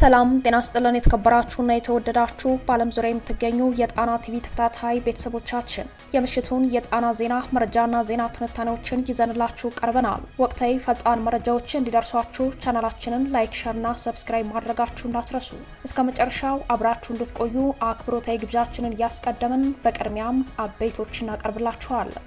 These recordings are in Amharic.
ሰላም ጤና ስጥልን። የተከበራችሁና የተወደዳችሁ በዓለም ዙሪያ የምትገኙ የጣና ቲቪ ተከታታይ ቤተሰቦቻችን የምሽቱን የጣና ዜና መረጃና ዜና ትንታኔዎችን ይዘንላችሁ ቀርበናል። ወቅታዊ ፈጣን መረጃዎች እንዲደርሷችሁ ቻናላችንን ላይክ፣ ሸርና ሰብስክራይብ ማድረጋችሁ እንዳትረሱ። እስከ መጨረሻው አብራችሁ እንድትቆዩ አክብሮታዊ ግብዣችንን እያስቀደምን በቅድሚያም አበይቶች እናቀርብላችኋለን።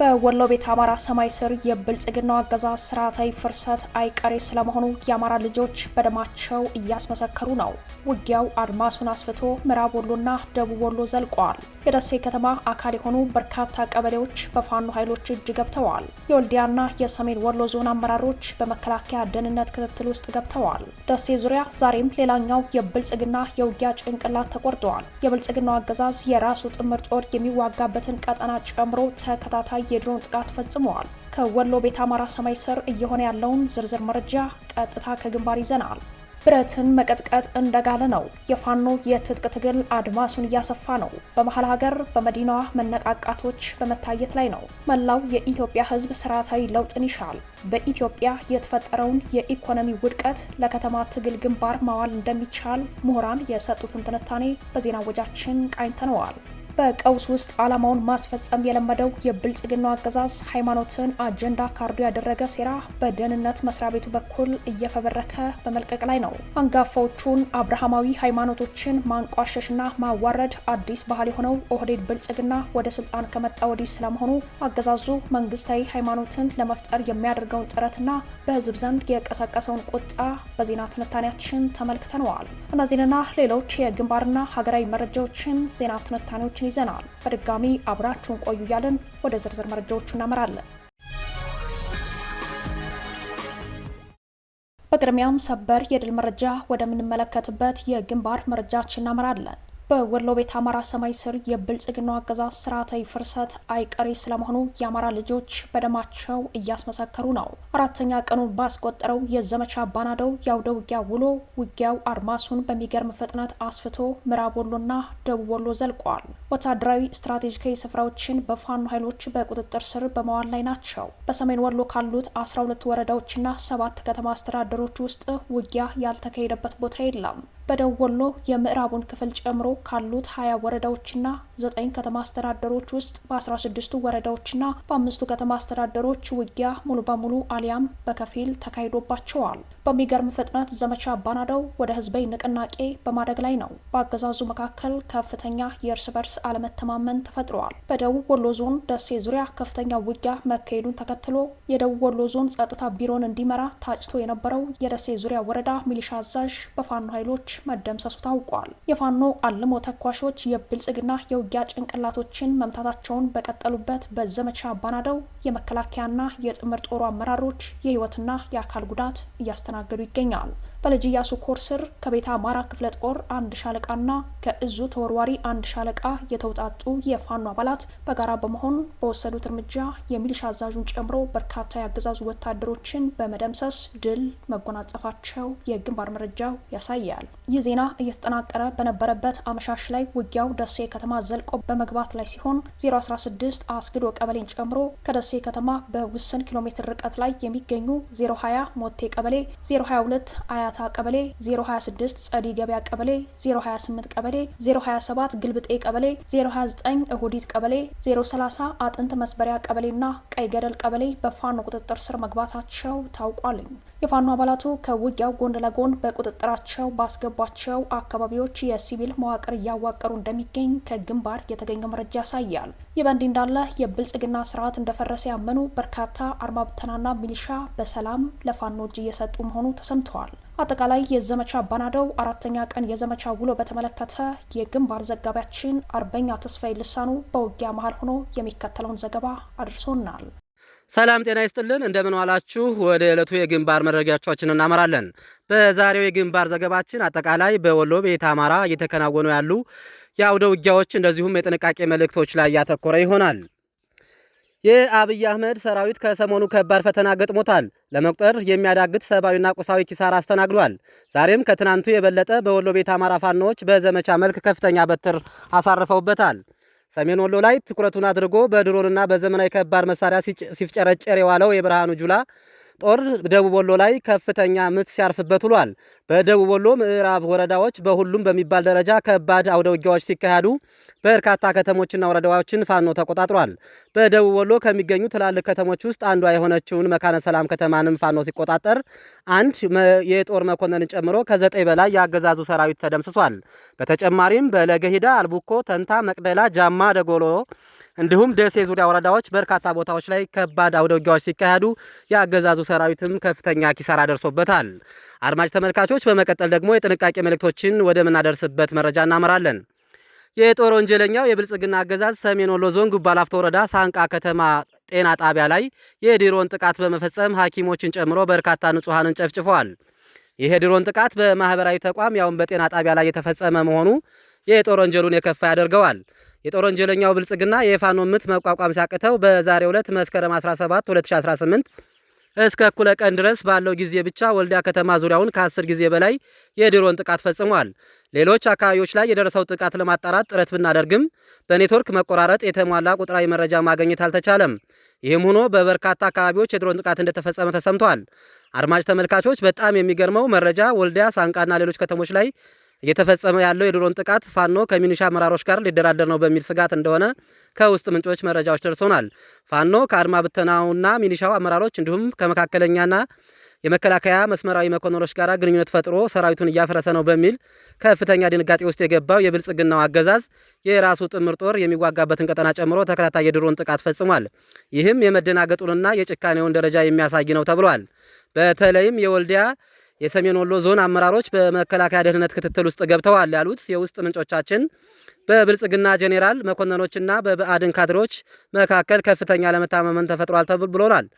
በወሎ ቤት አማራ ሰማይ ስር የብልጽግናው አገዛዝ ስርዓታዊ ፍርሰት አይቀሬ ስለመሆኑ የአማራ ልጆች በደማቸው እያስመሰከሩ ነው። ውጊያው አድማሱን አስፍቶ ምዕራብ ወሎና ደቡብ ወሎ ዘልቋል። የደሴ ከተማ አካል የሆኑ በርካታ ቀበሌዎች በፋኖ ኃይሎች እጅ ገብተዋል። የወልዲያና የሰሜን ወሎ ዞን አመራሮች በመከላከያ ደህንነት ክትትል ውስጥ ገብተዋል። ደሴ ዙሪያ ዛሬም ሌላኛው የብልጽግና የውጊያ ጭንቅላት ተቆርጠዋል። የብልጽግናው አገዛዝ የራሱ ጥምር ጦር የሚዋጋበትን ቀጠና ጨምሮ ተከታታይ የድሮን ጥቃት ፈጽመዋል። ከወሎ ቤት አማራ ሰማይ ስር እየሆነ ያለውን ዝርዝር መረጃ ቀጥታ ከግንባር ይዘናል። ብረትን መቀጥቀጥ እንደጋለ ነው። የፋኖ የትጥቅ ትግል አድማሱን እያሰፋ ነው። በመሀል ሀገር በመዲናዋ መነቃቃቶች በመታየት ላይ ነው። መላው የኢትዮጵያ ሕዝብ ስርዓታዊ ለውጥን ይሻል። በኢትዮጵያ የተፈጠረውን የኢኮኖሚ ውድቀት ለከተማ ትግል ግንባር ማዋል እንደሚቻል ምሁራን የሰጡትን ትንታኔ በዜና ወጃችን ቃኝተነዋል። በቀውስ ውስጥ ዓላማውን ማስፈጸም የለመደው የብልጽግናው አገዛዝ ሃይማኖትን አጀንዳ ካርዱ ያደረገ ሴራ በደህንነት መስሪያ ቤቱ በኩል እየፈበረከ በመልቀቅ ላይ ነው። አንጋፋዎቹን አብርሃማዊ ሃይማኖቶችን ማንቋሸሽና ማዋረድ አዲስ ባህል የሆነው ኦህዴድ ብልጽግና ወደ ስልጣን ከመጣ ወዲህ ስለመሆኑ አገዛዙ መንግስታዊ ሃይማኖትን ለመፍጠር የሚያደርገውን ጥረትና በህዝብ ዘንድ የቀሰቀሰውን ቁጣ በዜና ትንታኔያችን ተመልክተነዋል። እነዚህንና ሌሎች የግንባርና ሀገራዊ መረጃዎችን ዜና ትንታኔዎችን መረጃዎችን ይዘናል። በድጋሚ አብራችሁን ቆዩ እያለን ወደ ዝርዝር መረጃዎቹ እናመራለን። በቅድሚያም ሰበር የድል መረጃ ወደምንመለከትበት የግንባር መረጃችን እናመራለን። በወሎ ቤት አማራ ሰማይ ስር የብልጽግናው አገዛዝ ስርዓታዊ ፍርሰት አይቀሬ ስለመሆኑ የአማራ ልጆች በደማቸው እያስመሰከሩ ነው። አራተኛ ቀኑን ባስቆጠረው የዘመቻ ባናደው የአውደ ውጊያ ውሎ ውጊያው አድማሱን በሚገርም ፍጥነት አስፍቶ ምዕራብ ወሎና ደቡብ ወሎ ዘልቋል። ወታደራዊ ስትራቴጂካዊ ስፍራዎችን በፋኖ ኃይሎች በቁጥጥር ስር በመዋል ላይ ናቸው። በሰሜን ወሎ ካሉት አስራ ሁለት ወረዳዎችና ሰባት ከተማ አስተዳደሮች ውስጥ ውጊያ ያልተካሄደበት ቦታ የለም። በደወሎ የምዕራቡን ክፍል ጨምሮ ካሉት ሀያ ወረዳዎችና ዘጠኝ ከተማ አስተዳደሮች ውስጥ በ ስድስቱ ቱ ወረዳዎችና በአምስቱ ከተማ አስተዳደሮች ውጊያ ሙሉ በሙሉ አሊያም በከፊል ተካሂዶባቸዋል። በሚገርም ፍጥነት ዘመቻ አባናደው ወደ ህዝባዊ ንቅናቄ በማደግ ላይ ነው። በአገዛዙ መካከል ከፍተኛ የእርስ በርስ አለመተማመን ተፈጥረዋል። በደቡብ ወሎ ዞን ደሴ ዙሪያ ከፍተኛ ውጊያ መካሄዱን ተከትሎ የደቡብ ወሎ ዞን ጸጥታ ቢሮን እንዲመራ ታጭቶ የነበረው የደሴ ዙሪያ ወረዳ ሚሊሻ አዛዥ በፋኖ ኃይሎች መደምሰሱ ታውቋል። የፋኖ አልሞ ተኳሾች የብልጽግና የው የውጊያ ጭንቅላቶችን መምታታቸውን በቀጠሉበት በዘመቻ ባናደው የመከላከያና የጥምር ጦሩ አመራሮች የህይወትና የአካል ጉዳት እያስተናገዱ ይገኛል። በልጅ ኢያሱ ኮር ስር ከቤተ አማራ ክፍለ ጦር አንድ ሻለቃና ከእዙ ተወርዋሪ አንድ ሻለቃ የተውጣጡ የፋኖ አባላት በጋራ በመሆን በወሰዱት እርምጃ የሚሊሻ አዛዡን ጨምሮ በርካታ የአገዛዙ ወታደሮችን በመደምሰስ ድል መጎናጸፋቸው የግንባር መረጃው ያሳያል። ይህ ዜና እየተጠናቀረ በነበረበት አመሻሽ ላይ ውጊያው ደሴ ከተማ ዘልቆ በመግባት ላይ ሲሆን 016 አስግዶ ቀበሌን ጨምሮ ከደሴ ከተማ በውስን ኪሎ ሜትር ርቀት ላይ የሚገኙ 020 ሞቴ ቀበሌ 022 አያታ ቀበሌ 026፣ ጸዲ ገበያ ቀበሌ 028 ቀበሌ 027፣ ግልብጤ ቀበሌ 029፣ እሁዲት ቀበሌ 030፣ አጥንት መስበሪያ ቀበሌና ቀይ ገደል ቀበሌ በፋኖ ቁጥጥር ስር መግባታቸው ታውቋልኝ። የፋኖ አባላቱ ከውጊያው ጎን ለጎን በቁጥጥራቸው ባስገቧቸው አካባቢዎች የሲቪል መዋቅር እያዋቀሩ እንደሚገኝ ከግንባር የተገኘው መረጃ ያሳያል። ይህ በእንዲህ እንዳለ የብልጽግና ስርዓት እንደፈረሰ ያመኑ በርካታ አርማብተናና ሚሊሻ በሰላም ለፋኖ እጅ እየሰጡ መሆኑ ተሰምተዋል። አጠቃላይ የዘመቻ ባናደው አራተኛ ቀን የዘመቻ ውሎ በተመለከተ የግንባር ዘጋቢያችን አርበኛ ተስፋዬ ልሳኑ በውጊያ መሀል ሆኖ የሚከተለውን ዘገባ አድርሶናል። ሰላም ጤና ይስጥልን፣ እንደምን ዋላችሁ። ወደ ዕለቱ የግንባር መረጃዎቻችን እናመራለን። በዛሬው የግንባር ዘገባችን አጠቃላይ በወሎ ቤት አማራ እየተከናወኑ ያሉ የአውደ ውጊያዎች እንደዚሁም የጥንቃቄ መልእክቶች ላይ ያተኮረ ይሆናል። የአብይ አህመድ ሰራዊት ከሰሞኑ ከባድ ፈተና ገጥሞታል። ለመቁጠር የሚያዳግት ሰብአዊና ቁሳዊ ኪሳራ አስተናግዷል። ዛሬም ከትናንቱ የበለጠ በወሎ ቤት አማራ ፋኖዎች በዘመቻ መልክ ከፍተኛ በትር አሳርፈውበታል። ሰሜን ወሎ ላይ ትኩረቱን አድርጎ በድሮንና በዘመናዊ ከባድ መሳሪያ ሲፍጨረጨር የዋለው የብርሃኑ ጁላ ጦር ደቡብ ወሎ ላይ ከፍተኛ ምት ሲያርፍበት ውሏል። በደቡብ ወሎ ምዕራብ ወረዳዎች በሁሉም በሚባል ደረጃ ከባድ አውደ ውጊያዎች ሲካሄዱ በርካታ ከተሞችና ወረዳዎችን ፋኖ ተቆጣጥሯል። በደቡብ ወሎ ከሚገኙ ትላልቅ ከተሞች ውስጥ አንዷ የሆነችውን መካነ ሰላም ከተማንም ፋኖ ሲቆጣጠር አንድ የጦር መኮንንን ጨምሮ ከዘጠኝ በላይ የአገዛዙ ሰራዊት ተደምስሷል። በተጨማሪም በለገሂዳ፣ አልቡኮ፣ ተንታ፣ መቅደላ፣ ጃማ ደጎሎ እንዲሁም ደሴ ዙሪያ ወረዳዎች በርካታ ቦታዎች ላይ ከባድ አውደውጊያዎች ሲካሄዱ የአገዛዙ ሰራዊትም ከፍተኛ ኪሳራ ደርሶበታል። አድማጭ ተመልካቾች፣ በመቀጠል ደግሞ የጥንቃቄ መልእክቶችን ወደምናደርስበት መረጃ እናመራለን። የጦር ወንጀለኛው የብልጽግና አገዛዝ ሰሜን ወሎ ዞን ጉባላፍቶ ወረዳ ሳንቃ ከተማ ጤና ጣቢያ ላይ የድሮን ጥቃት በመፈጸም ሐኪሞችን ጨምሮ በርካታ ንጹሐንን ጨፍጭፏል። ይህ የድሮን ጥቃት በማኅበራዊ ተቋም ያውም በጤና ጣቢያ ላይ የተፈጸመ መሆኑ የጦር ወንጀሉን የከፋ ያደርገዋል። የጦር ወንጀለኛው ብልጽግና የፋኖ ምት መቋቋም ሲያቅተው በዛሬው ዕለት መስከረም 17 2018 እስከ እኩለ ቀን ድረስ ባለው ጊዜ ብቻ ወልዲያ ከተማ ዙሪያውን ከአስር ጊዜ በላይ የድሮን ጥቃት ፈጽሟል። ሌሎች አካባቢዎች ላይ የደረሰው ጥቃት ለማጣራት ጥረት ብናደርግም በኔትወርክ መቆራረጥ የተሟላ ቁጥራዊ መረጃ ማግኘት አልተቻለም። ይህም ሆኖ በበርካታ አካባቢዎች የድሮን ጥቃት እንደተፈጸመ ተሰምቷል። አድማጭ ተመልካቾች፣ በጣም የሚገርመው መረጃ ወልዲያ፣ ሳንቃና ሌሎች ከተሞች ላይ እየተፈጸመ ያለው የድሮን ጥቃት ፋኖ ከሚኒሻ አመራሮች ጋር ሊደራደር ነው በሚል ስጋት እንደሆነ ከውስጥ ምንጮች መረጃዎች ደርሶናል። ፋኖ ከአድማ ብተናውና ሚኒሻው አመራሮች እንዲሁም ከመካከለኛና የመከላከያ መስመራዊ መኮንኖች ጋር ግንኙነት ፈጥሮ ሰራዊቱን እያፈረሰ ነው በሚል ከፍተኛ ድንጋጤ ውስጥ የገባው የብልጽግናው አገዛዝ የራሱ ጥምር ጦር የሚዋጋበትን ቀጠና ጨምሮ ተከታታይ የድሮን ጥቃት ፈጽሟል። ይህም የመደናገጡንና የጭካኔውን ደረጃ የሚያሳይ ነው ተብሏል። በተለይም የወልዲያ የሰሜን ወሎ ዞን አመራሮች በመከላከያ ደህንነት ክትትል ውስጥ ገብተዋል ያሉት የውስጥ ምንጮቻችን በብልጽግና ጄኔራል መኮንኖችና በብአድን ካድሮች መካከል ከፍተኛ ለመታመመን ተፈጥሯል ብሎናል።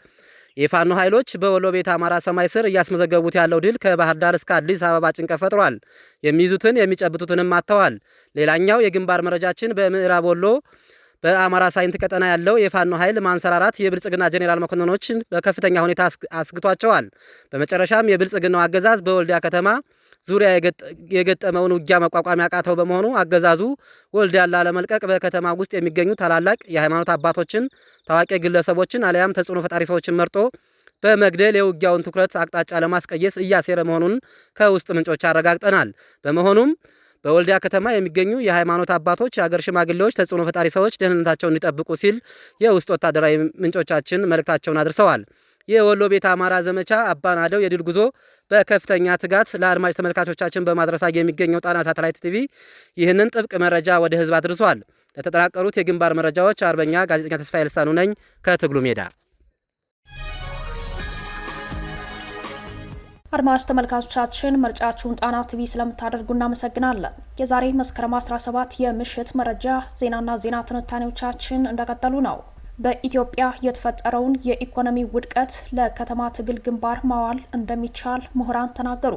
የፋኖ ኃይሎች በወሎ ቤት አማራ ሰማይ ስር እያስመዘገቡት ያለው ድል ከባህር ዳር እስከ አዲስ አበባ ጭንቀት ፈጥሯል። የሚይዙትን የሚጨብጡትንም አጥተዋል። ሌላኛው የግንባር መረጃችን በምዕራብ ወሎ በአማራ ሳይንት ቀጠና ያለው የፋኖ ኃይል ማንሰራራት የብልጽግና ጄኔራል መኮንኖችን በከፍተኛ ሁኔታ አስግቷቸዋል። በመጨረሻም የብልጽግናው አገዛዝ በወልዲያ ከተማ ዙሪያ የገጠመውን ውጊያ መቋቋም ያቃተው በመሆኑ አገዛዙ ወልዲያን ላለመልቀቅ በከተማ ውስጥ የሚገኙ ታላላቅ የሃይማኖት አባቶችን፣ ታዋቂ ግለሰቦችን አሊያም ተጽዕኖ ፈጣሪ ሰዎችን መርጦ በመግደል የውጊያውን ትኩረት አቅጣጫ ለማስቀየስ እያሴረ መሆኑን ከውስጥ ምንጮች አረጋግጠናል። በመሆኑም በወልዲያ ከተማ የሚገኙ የሃይማኖት አባቶች፣ የአገር ሽማግሌዎች፣ ተጽዕኖ ፈጣሪ ሰዎች ደህንነታቸውን እንዲጠብቁ ሲል የውስጥ ወታደራዊ ምንጮቻችን መልእክታቸውን አድርሰዋል። የወሎ ቤት አማራ ዘመቻ አደው የድል ጉዞ በከፍተኛ ትጋት ለአድማጭ ተመልካቾቻችን በማድረሳ የሚገኘው ጣና ሳተላይት ቲቪ ይህንን ጥብቅ መረጃ ወደ ህዝብ አድርሷል። ለተጠናቀሩት የግንባር መረጃዎች አርበኛ ጋዜጠኛ ተስፋዬ ልሳኑ ነኝ ከትግሉ ሜዳ አድማጭ ተመልካቾቻችን ምርጫችሁን ጣና ቲቪ ስለምታደርጉ እናመሰግናለን። የዛሬ መስከረም 17 የምሽት መረጃ ዜናና ዜና ትንታኔዎቻችን እንደቀጠሉ ነው። በኢትዮጵያ የተፈጠረውን የኢኮኖሚ ውድቀት ለከተማ ትግል ግንባር ማዋል እንደሚቻል ምሁራን ተናገሩ።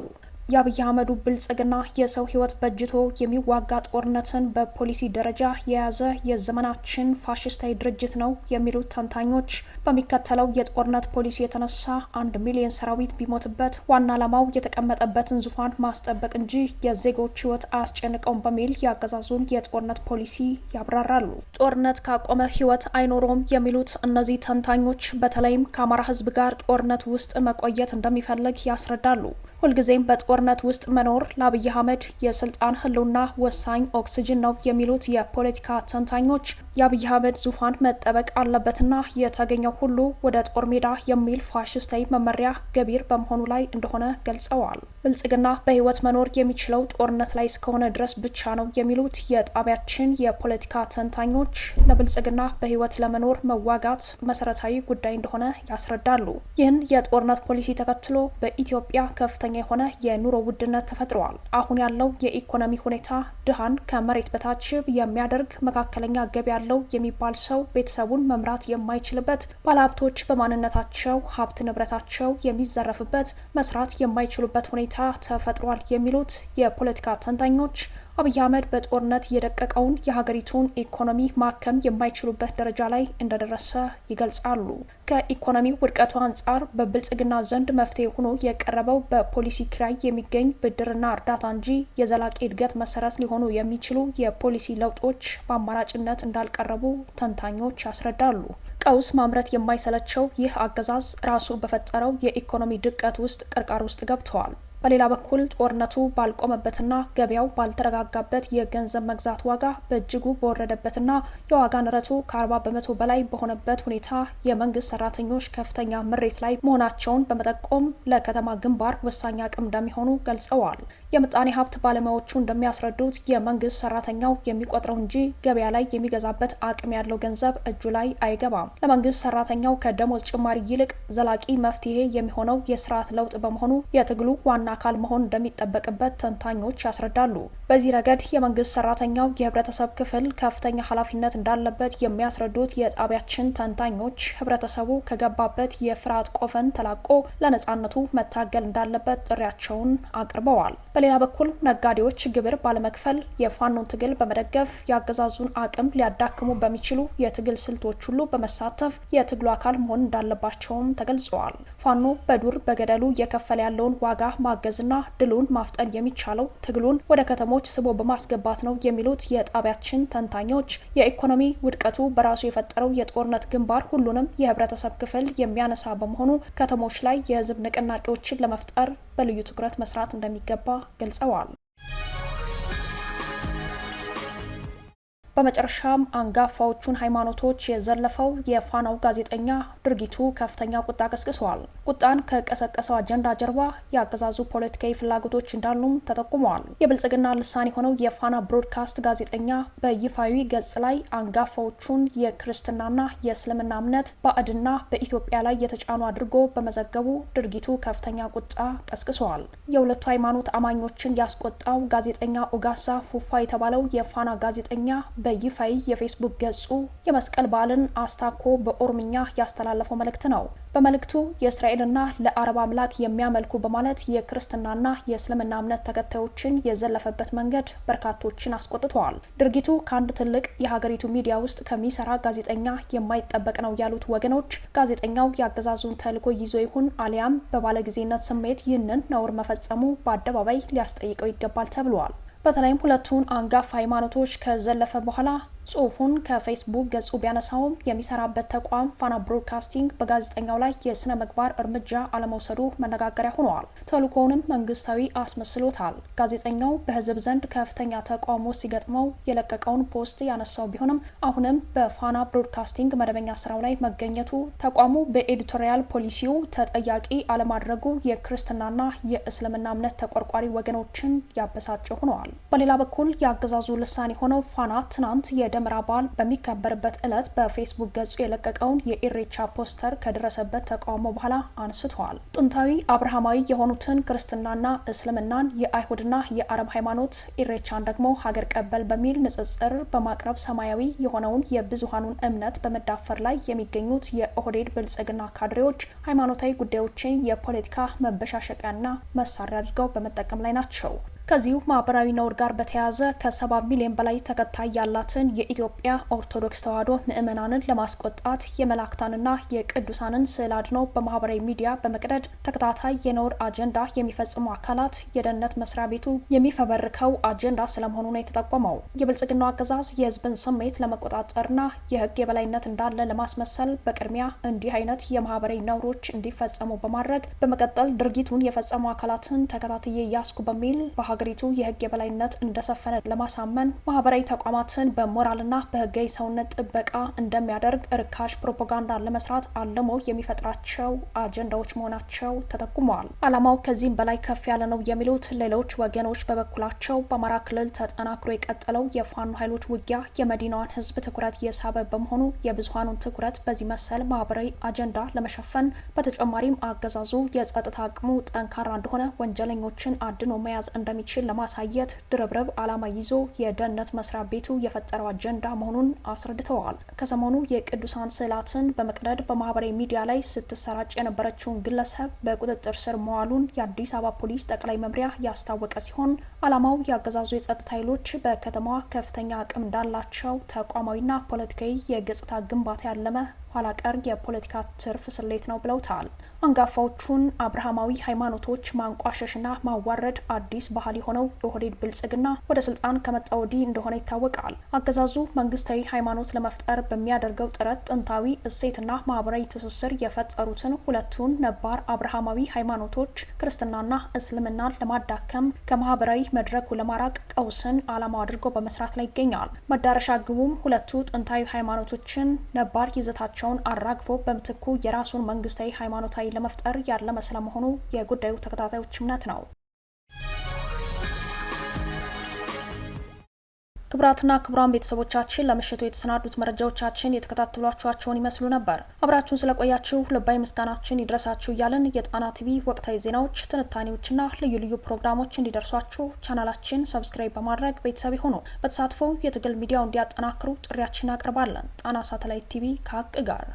የአብይ አህመዱ ብልጽግና የሰው ህይወት በጅቶ የሚዋጋ ጦርነትን በፖሊሲ ደረጃ የያዘ የዘመናችን ፋሽስታዊ ድርጅት ነው የሚሉት ተንታኞች በሚከተለው የጦርነት ፖሊሲ የተነሳ አንድ ሚሊዮን ሰራዊት ቢሞትበት ዋና ዓላማው የተቀመጠበትን ዙፋን ማስጠበቅ እንጂ የዜጎች ህይወት አያስጨንቀውም በሚል ያገዛዙን የጦርነት ፖሊሲ ያብራራሉ። ጦርነት ካቆመ ህይወት አይኖረውም የሚሉት እነዚህ ተንታኞች በተለይም ከአማራ ህዝብ ጋር ጦርነት ውስጥ መቆየት እንደሚፈልግ ያስረዳሉ። ሁልጊዜም በጦርነት ውስጥ መኖር ለአብይ አህመድ የስልጣን ህልውና ወሳኝ ኦክስጅን ነው የሚሉት የፖለቲካ ተንታኞች የአብይ አህመድ ዙፋን መጠበቅ አለበትና የተገኘው ሁሉ ወደ ጦር ሜዳ የሚል ፋሽስታዊ መመሪያ ገቢር በመሆኑ ላይ እንደሆነ ገልጸዋል። ብልጽግና በህይወት መኖር የሚችለው ጦርነት ላይ እስከሆነ ድረስ ብቻ ነው የሚሉት የጣቢያችን የፖለቲካ ተንታኞች ለብልጽግና በህይወት ለመኖር መዋጋት መሰረታዊ ጉዳይ እንደሆነ ያስረዳሉ። ይህን የጦርነት ፖሊሲ ተከትሎ በኢትዮጵያ ከፍተኛ ከፍተኛ የሆነ የኑሮ ውድነት ተፈጥሯል። አሁን ያለው የኢኮኖሚ ሁኔታ ድሃን ከመሬት በታች የሚያደርግ መካከለኛ ገቢ ያለው የሚባል ሰው ቤተሰቡን መምራት የማይችልበት፣ ባለሀብቶች በማንነታቸው ሀብት ንብረታቸው የሚዘረፍበት፣ መስራት የማይችሉበት ሁኔታ ተፈጥሯል የሚሉት የፖለቲካ ተንታኞች አብይ አህመድ በጦርነት የደቀቀውን የሀገሪቱን ኢኮኖሚ ማከም የማይችሉበት ደረጃ ላይ እንደደረሰ ይገልጻሉ። ከኢኮኖሚ ውድቀቱ አንጻር በብልጽግና ዘንድ መፍትሄ ሆኖ የቀረበው በፖሊሲ ኪራይ የሚገኝ ብድርና እርዳታ እንጂ የዘላቂ እድገት መሰረት ሊሆኑ የሚችሉ የፖሊሲ ለውጦች በአማራጭነት እንዳልቀረቡ ተንታኞች ያስረዳሉ። ቀውስ ማምረት የማይሰለቸው ይህ አገዛዝ ራሱ በፈጠረው የኢኮኖሚ ድቀት ውስጥ ቅርቃር ውስጥ ገብተዋል። በሌላ በኩል ጦርነቱ ባልቆመበትና ገበያው ባልተረጋጋበት የገንዘብ መግዛት ዋጋ በእጅጉ በወረደበትና የዋጋ ንረቱ ከአርባ በመቶ በላይ በሆነበት ሁኔታ የመንግስት ሰራተኞች ከፍተኛ ምሬት ላይ መሆናቸውን በመጠቆም ለከተማ ግንባር ወሳኝ አቅም እንደሚሆኑ ገልጸዋል። የምጣኔ ሀብት ባለሙያዎቹ እንደሚያስረዱት የመንግስት ሰራተኛው የሚቆጥረው እንጂ ገበያ ላይ የሚገዛበት አቅም ያለው ገንዘብ እጁ ላይ አይገባም። ለመንግስት ሰራተኛው ከደሞዝ ጭማሪ ይልቅ ዘላቂ መፍትሄ የሚሆነው የስርዓት ለውጥ በመሆኑ የትግሉ ዋና አካል መሆን እንደሚጠበቅበት ተንታኞች ያስረዳሉ። በዚህ ረገድ የመንግስት ሰራተኛው የህብረተሰብ ክፍል ከፍተኛ ኃላፊነት እንዳለበት የሚያስረዱት የጣቢያችን ተንታኞች ህብረተሰቡ ከገባበት የፍርሃት ቆፈን ተላቆ ለነጻነቱ መታገል እንዳለበት ጥሪያቸውን አቅርበዋል። በሌላ በኩል ነጋዴዎች ግብር ባለመክፈል የፋኖን ትግል በመደገፍ የአገዛዙን አቅም ሊያዳክሙ በሚችሉ የትግል ስልቶች ሁሉ በመሳተፍ የትግሉ አካል መሆን እንዳለባቸውም ተገልጸዋል። ፋኖ በዱር በገደሉ እየከፈለ ያለውን ዋጋ ማገዝና ድሉን ማፍጠን የሚቻለው ትግሉን ወደ ከተሞች ስቦ በማስገባት ነው የሚሉት የጣቢያችን ተንታኞች የኢኮኖሚ ውድቀቱ በራሱ የፈጠረው የጦርነት ግንባር ሁሉንም የህብረተሰብ ክፍል የሚያነሳ በመሆኑ ከተሞች ላይ የህዝብ ንቅናቄዎችን ለመፍጠር በልዩ ትኩረት መስራት እንደሚገባ ገልጸዋል። በመጨረሻም አንጋፋዎቹን ሃይማኖቶች የዘለፈው የፋናው ጋዜጠኛ ድርጊቱ ከፍተኛ ቁጣ ቀስቅሰዋል። ቁጣን ከቀሰቀሰው አጀንዳ ጀርባ የአገዛዙ ፖለቲካዊ ፍላጎቶች እንዳሉም ተጠቁመዋል። የብልጽግና ልሳን የሆነው የፋና ብሮድካስት ጋዜጠኛ በይፋዊ ገጽ ላይ አንጋፋዎቹን የክርስትናና የእስልምና እምነት ባዕድና በኢትዮጵያ ላይ የተጫኑ አድርጎ በመዘገቡ ድርጊቱ ከፍተኛ ቁጣ ቀስቅሰዋል። የሁለቱ ሃይማኖት አማኞችን ያስቆጣው ጋዜጠኛ ኦጋሳ ፉፋ የተባለው የፋና ጋዜጠኛ በይፋይ የፌስቡክ ገጹ የመስቀል በዓልን አስታኮ በኦሮምኛ ያስተላለፈው መልእክት ነው። በመልእክቱ የእስራኤልና ለአረብ አምላክ የሚያመልኩ በማለት የክርስትናና የእስልምና እምነት ተከታዮችን የዘለፈበት መንገድ በርካቶችን አስቆጥተዋል። ድርጊቱ ከአንድ ትልቅ የሀገሪቱ ሚዲያ ውስጥ ከሚሰራ ጋዜጠኛ የማይጠበቅ ነው ያሉት ወገኖች ጋዜጠኛው የአገዛዙን ተልዕኮ ይዞ ይሁን አሊያም በባለጊዜነት ስሜት ይህንን ነውር መፈጸሙ በአደባባይ ሊያስጠይቀው ይገባል ተብሏል። በተለይም ሁለቱን አንጋፋ ሃይማኖቶች ከዘለፈ በኋላ ጽሁፉን ከፌስቡክ ገጹ ቢያነሳውም የሚሰራበት ተቋም ፋና ብሮድካስቲንግ በጋዜጠኛው ላይ የስነ ምግባር እርምጃ አለመውሰዱ መነጋገሪያ ሆነዋል። ተልእኮውንም መንግስታዊ አስመስሎታል። ጋዜጠኛው በህዝብ ዘንድ ከፍተኛ ተቃውሞ ሲገጥመው የለቀቀውን ፖስት ያነሳው ቢሆንም አሁንም በፋና ብሮድካስቲንግ መደበኛ ስራው ላይ መገኘቱ ተቋሙ በኤዲቶሪያል ፖሊሲው ተጠያቂ አለማድረጉ የክርስትናና የእስልምና እምነት ተቆርቋሪ ወገኖችን ያበሳጨ ሆነዋል። በሌላ በኩል የአገዛዙ ልሳን የሆነው ፋና ትናንት የ የደመራ በዓል በሚከበርበት ዕለት በፌስቡክ ገጹ የለቀቀውን የኢሬቻ ፖስተር ከደረሰበት ተቃውሞ በኋላ አንስተዋል። ጥንታዊ አብርሃማዊ የሆኑትን ክርስትናና እስልምናን የአይሁድና የአረብ ሃይማኖት ኢሬቻን ደግሞ ሀገር ቀበል በሚል ንጽጽር በማቅረብ ሰማያዊ የሆነውን የብዙሀኑን እምነት በመዳፈር ላይ የሚገኙት የኦህዴድ ብልጽግና ካድሬዎች ሃይማኖታዊ ጉዳዮችን የፖለቲካ መበሻሸቂያና መሳሪያ አድርገው በመጠቀም ላይ ናቸው። ከዚሁ ማህበራዊ ነውር ጋር በተያያዘ ከሰባ ሚሊዮን በላይ ተከታይ ያላትን የኢትዮጵያ ኦርቶዶክስ ተዋሕዶ ምዕመናንን ለማስቆጣት የመላእክታንና የቅዱሳንን ስዕል አድነው በማህበራዊ ሚዲያ በመቅደድ ተከታታይ የነውር አጀንዳ የሚፈጽሙ አካላት የደህንነት መስሪያ ቤቱ የሚፈበርከው አጀንዳ ስለመሆኑ ነው የተጠቆመው። የብልጽግናው አገዛዝ የህዝብን ስሜት ለመቆጣጠርና የህግ የበላይነት እንዳለ ለማስመሰል በቅድሚያ እንዲህ አይነት የማህበራዊ ነውሮች እንዲፈጸሙ በማድረግ በመቀጠል ድርጊቱን የፈጸሙ አካላትን ተከታትዬ እያስኩ በሚል በሀገሪቱ የህግ የበላይነት እንደሰፈነ ለማሳመን ማህበራዊ ተቋማትን በሞራልና በህጋዊ ሰውነት ጥበቃ እንደሚያደርግ እርካሽ ፕሮፓጋንዳ ለመስራት አልሞ የሚፈጥራቸው አጀንዳዎች መሆናቸው ተጠቁመዋል። አላማው ከዚህም በላይ ከፍ ያለ ነው የሚሉት ሌሎች ወገኖች በበኩላቸው በአማራ ክልል ተጠናክሮ የቀጠለው የፋኖ ኃይሎች ውጊያ የመዲናዋን ህዝብ ትኩረት እየሳበ በመሆኑ የብዙሀኑን ትኩረት በዚህ መሰል ማህበራዊ አጀንዳ ለመሸፈን በተጨማሪም አገዛዙ የጸጥታ አቅሙ ጠንካራ እንደሆነ ወንጀለኞችን አድኖ መያዝ እንደሚ እንደሚችል ለማሳየት ድርብርብ ዓላማ ይዞ የደህንነት መስሪያ ቤቱ የፈጠረው አጀንዳ መሆኑን አስረድተዋል። ከሰሞኑ የቅዱሳን ስዕላትን በመቅደድ በማህበራዊ ሚዲያ ላይ ስትሰራጭ የነበረችውን ግለሰብ በቁጥጥር ስር መዋሉን የአዲስ አበባ ፖሊስ ጠቅላይ መምሪያ ያስታወቀ ሲሆን ዓላማው የአገዛዙ የጸጥታ ኃይሎች በከተማዋ ከፍተኛ አቅም እንዳላቸው ተቋማዊና ፖለቲካዊ የገጽታ ግንባታ ያለመ ኋላ ቀር የፖለቲካ ትርፍ ስሌት ነው ብለውታል። አንጋፋዎቹን አብርሃማዊ ሃይማኖቶች ማንቋሸሽና ማዋረድ አዲስ ባህል የሆነው የኦህዴድ ብልጽግና ወደ ስልጣን ከመጣ ወዲህ እንደሆነ ይታወቃል። አገዛዙ መንግስታዊ ሃይማኖት ለመፍጠር በሚያደርገው ጥረት ጥንታዊ እሴትና ማህበራዊ ትስስር የፈጠሩትን ሁለቱን ነባር አብርሃማዊ ሃይማኖቶች ክርስትናና እስልምናን ለማዳከም ከማህበራዊ መድረኩ ለማራቅ ቀውስን ዓላማው አድርጎ በመስራት ላይ ይገኛል። መዳረሻ ግቡም ሁለቱ ጥንታዊ ሃይማኖቶችን ነባር ይዘታቸውን አራግፎ በምትኩ የራሱን መንግስታዊ ሃይማኖታዊ ለመፍጠር ያለመ ስለመሆኑ የጉዳዩ ተከታታዮች እምነት ነው። ክብራትና ክብራን ቤተሰቦቻችን ለምሽቱ የተሰናዱት መረጃዎቻችን የተከታተሏችኋቸውን ይመስሉ ነበር። አብራችሁን ስለቆያችሁ ልባዊ ምስጋናችን ይድረሳችሁ እያልን የጣና ቲቪ ወቅታዊ ዜናዎች፣ ትንታኔዎችና ልዩ ልዩ ፕሮግራሞች እንዲደርሷችሁ ቻናላችን ሰብስክራይብ በማድረግ ቤተሰብ ይሁኑ። በተሳትፎ የትግል ሚዲያው እንዲያጠናክሩ ጥሪያችን እናቀርባለን። ጣና ሳተላይት ቲቪ ከሀቅ ጋር